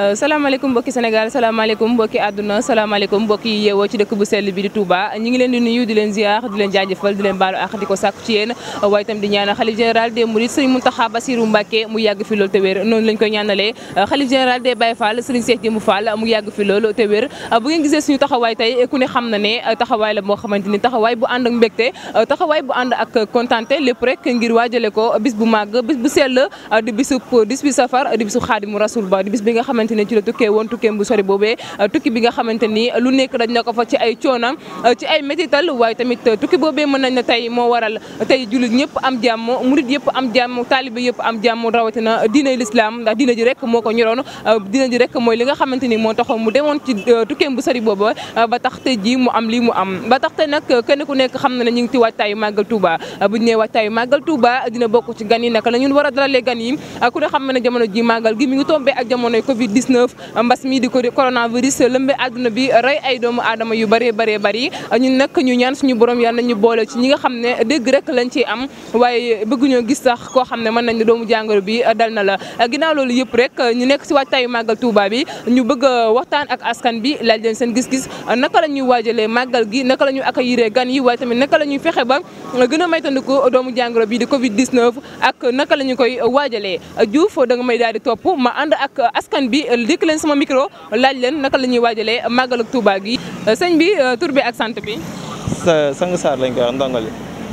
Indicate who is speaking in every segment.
Speaker 1: Euh, salaamaaleykum mbokki Sénégal salaamaaleykum mbokki àdduna salaamaaleykum mbokki yeewoo ci dëkk bu sell bi di Touba ñu ngi leen di nuyu di leen ziar di leen jaajëfal di leen baalu àq di ko sàkku ci yéen waaye itam di ñaanal xalif général des mu yàgg fi loolu te wér noonu lañ koy ñaanalee euh, xalif général des Baye Fall Serigne Cheikh Jëmbu Fall mu yàgg fi loolu te wér euh, bu taxawaay tey ku ne xam na ne taxawaay la boo xamante ni taxawaay bu ànd ak mbégte taxawaay bu ànd ak kontaante lépp rek ngir waajale ko bis bu màgg bis bu sell di bisu 18 safar di bisu Xaadimu Rasul ba di nga xamante xamante ni ci la tukkee woon tukkeem bu sori boobee euh, tukki bi nga lu nekk dañ na ko fa ci ay coonam euh, ci ay métital tamit euh, tukki boobee mën nañ ne tey moo waral tey jullit ñëpp am jàmm murit yëpp am jàmm taalibe yëpp am jàmm rawatina diine lislaam ndax diine ji rek moo ko ñoroon diine ji rek mooy li nga xamante ni moo taxoon mu demoon ci tukkeem bu sori booba ba tax tey ji mu am lii mu am ba tax tey nag kenn ku nekk xam na ne ñu ngi ci waajtaayu màggal Touba bu ñu nee waajtaayu màggal Touba dina bokk ci gan yi naka la ñun war a dalalee gan yi ku ne xam na jamono ji màggal gi mi ngi tombé ak jamonoy Covid 19 mbas mi di ko coronavirus lëmbe àdduna bi rey ay doomu aadama yu bëree bëree bëri ñun nag ñu ñaan suñu borom yàlla nañu boole ci ñi nga xam ne dégg rek lañ ciy am waaye bëgguñoo gis sax koo xam ne man nañ ne doomu jàngoro bi dal na la ginnaaw loolu yëpp rek ñu nekk si waajtaayu màggal Touba bi ñu bëgg waxtaan ak askan bi laaj leen seen gis-gis naka la ñuy waajalee màggal gi naka la ñuy accueillir gan yi waaye tamit naka la ñuy fexe ba gën a maytandiku doomu jàngoro bi di Covid 19 ak naka la ñu koy waajalee Diouf da nga may daal di topp ma ànd ak askan bi dikk leen sama micro laaj leen naka la ñuy waajalee màggal ak Touba gi euh, sëñ bi euh, tur bi ak sant bi.
Speaker 2: sa sang Sarr lañ koy wax ndongali.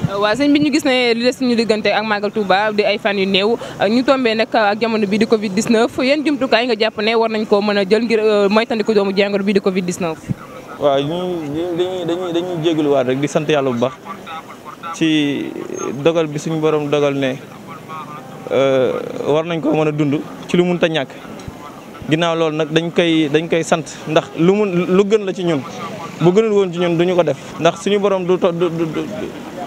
Speaker 1: Euh, waaw sëñ bi ñu gis ne li des suñu diggante ak màggal Touba di ay fan yu néew ñu tombee nag ak jamono bii di Covid 19 yan jumtukaay nga jàpp ne war nañ koo mën a jël ngir moytandiku doomu jàngoro bii di Covid 19.
Speaker 2: waaw ñuy dañuy dañuy dañuy jégaluwaat rek sant yàlla bu baax ci dogal bi suñu borom dogal ne war nañ koo mën a dund ci lu mënta ñàkk. ginnaaw loolu nag dañ koy dañ koy sant ndax lu mu lu gën la ci ñun bu gënul woon ci ñun duñu ko def ndax suñu borom du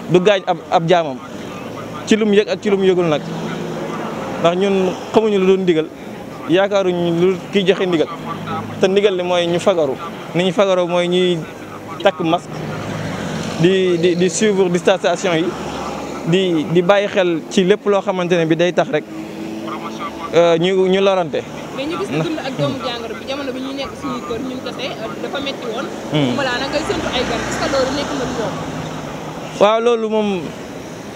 Speaker 2: du gaañ ab jaamam ci lu mu yëg ak ci lu mu yëgul nag ndax ñun xamuñu lu doon ndigal yaakaaruñ lu kiy joxe ndigal te ndigal li mooy ñu fagaru ni ñu fagaru mooy ñuy takk masque di di di suivre distanciation yi di di bàyyi xel ci lépp loo xamante ne bi day tax rek euh, ñu ñu lorante
Speaker 1: mais ñu euh, hmm.
Speaker 2: loolu waaw loolu moom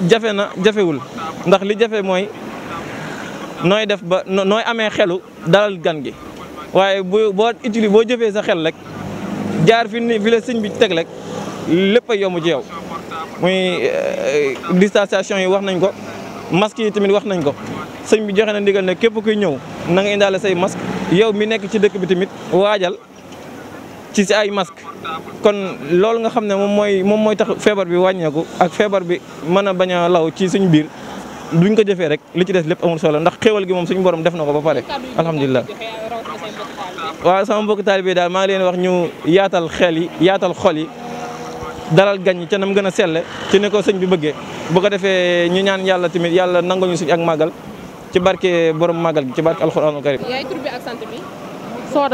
Speaker 2: jafe na jafewul ndax li jafe mooy nooy def ba nooy amee xelu dalal gan gi waaye bu boo utili boo jëfee sa xel rek jaar fi ni fi la sëñ bi teg rek lépp a yomb ci yow muy euh, distanciation yi wax nañ ko. masque yi tamit wax nañ ko sëñ bi joxe na ndigal ne képp kuy ñëw na nga indaale say masque yow mi nekk ci dëkk bi tamit waajal ci si ay masque kon loolu nga xam ne moom mooy moom mooy tax feebar bi wàññeeku ak feebar bi mën a bañ a law ci suñ biir duñ ko jëfee rek li ci des lépp amul solo ndax xéwal gi moom suñu borom def na ko ba pare alhamdulilah. waaw sama mbokk taalibe daal maa leen wax ñu yaatal xel yi yaatal xol yi. dalal gañ ñi ca nam gën a selle ci ne ko sëñ bi bëggee bu ko defee ñu ñaan yàlla tamit yàlla nanguñu suñu ak màggal ci barke borom màggal gi ci barke alxuraanul karim.
Speaker 1: yaay bi ak sant waaw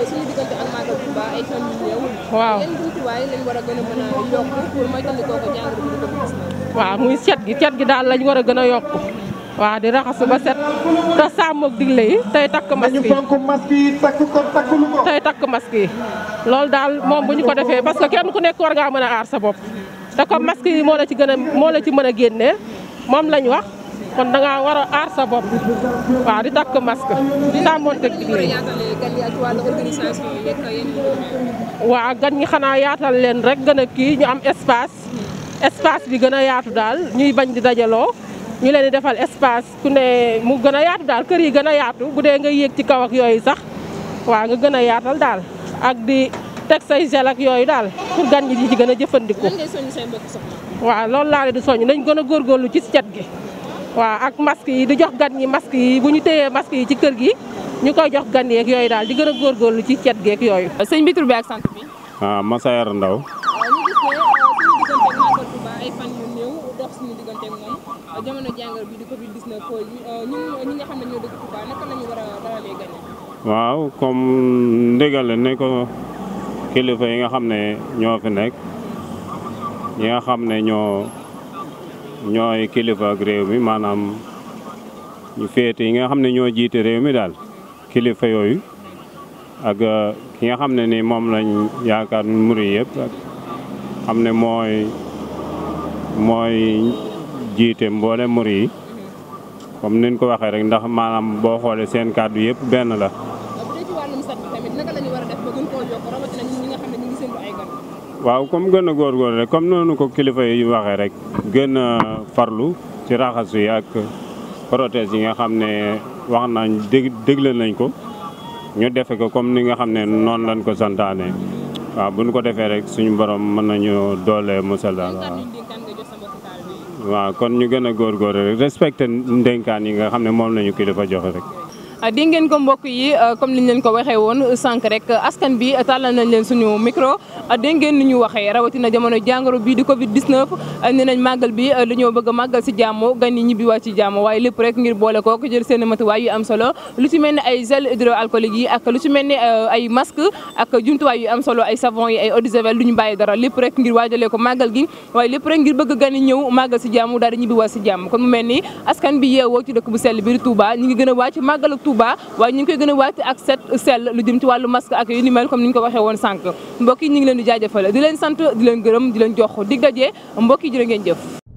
Speaker 1: euh, ak màggal waaw yan jumtuwaay bi di ko
Speaker 3: waaw muy set gi set gi daal lañ war a gën a yokk. waaw di raxasu ba set te sàmmoog digle yi tey takk masque yi fonk takk ko takk lu ko tey takk masque yi loolu daal moom bu ñu ko defee parce que kenn ku nekk war ngaa mën aar sa bopp te comme masque yi moo la ci gën a moo la ci mën a génnee moom lañu wax kon danga ngaa war a aar sa bopp waaw di takk masque sàmmoonteeg digle yi waaw gan ñi xanaa yaatal leen rek gën a kii ñu am espace espace bi gën a yaatu daal ñuy bañ di dajaloo ñu leen di defal espace ku ne mu gën a yaatu daal kër yi gën a yaatu bu dee nga yéeg ci kaw ak yooyu sax waa nga gën a yaatal daal ak di teg say gel ak yooyu daal pour gan ñi di ci gën a jëfandiku. lan
Speaker 1: ngay soññ say mbokk soxna.
Speaker 3: waaw loolu di soññ nañ gën a góor góorlu ci cet gi waaw ak masque yi di jox gan ñi masque yi bu ñu téyee masque yi ci kër gi ñu koy jox gan yeeg yooyu daal di gën a góor
Speaker 1: góorlu ci cet geeg yooyu. sëñ bi tur bi ak sant bi.
Speaker 4: ah Massayar Ndaw
Speaker 1: Euh, euh,
Speaker 4: waaw comme ndégale ne ko kilifa yi nga xam ne ñoo fi nekk ñi nga xam ne ñoo ñooy kilifa ak réew mi maanaam ñu féete yi nga xam ne ñoo jiite réew mi daal kilifa yooyu ak euh, ki nga xam ne ni moom lañ yaakaar muri yëpp xam ne mooy mooy. jiite mboole mur yi comme niñ ko waxee rek ndax maanaam boo xoolee seen kàddu yëpp benn la. waaw comme gën a góorgóor rek comme noonu ko kilifa yi waxee rek gën a farlu ci raxasu yi ak protège yi nga xam ne wax nañ dég dégle nañ ko ñu defe ko comme ni nga xam ne noonu lañ ko santaane waaw bu nu ko defee rek suñu borom mën nañu doole musal daal waaw kon ñu gën a góorgóorlu rek respecté ndénkaan yi nga xam ne moom la ñu kilifa joxe rek.
Speaker 1: Ah, di ngeen ko mbokk yi ah, comme liñ leen ko waxee woon uh, sànq rek ah, askan bi tàllal nañ leen suñu micro dégg ngeen ni ñu waxee rawatina jamono jàngoro bii di Covid 19 nee nañ màggal bi dañoo bëgg a màggal si jàmm gan yi ñibbiwaat si jàmm waaye lépp rek ngir boole kook jël seen matuwaay yu am solo lu ci mel ne ay gel hydroalcoolique yi ak lu ci mel ne ay masque ak jumtuwaay yu am solo ay savon yi ay ñu bàyyi dara lépp rek ngir waajalee ko màggal gi waaye lépp rek ngir bëgg gan yi ñëw màggal si jàmm daal di waa si jàmm kon mu mel ni askan bi yeewoo ci dëkk bu sell bi di Touba ñi ngi gën a wàcc màggal Touba waaye ñu ngi koy gën a wàcc ak set sell lu jëm wàllu masque ak yu ni mel comme ni ñu ko waxee woon sànq mbokk yi ñu ngi leen di jaajëfal sant di leen gërëm di leen jox dig dajee mbokk yi jërë ngeen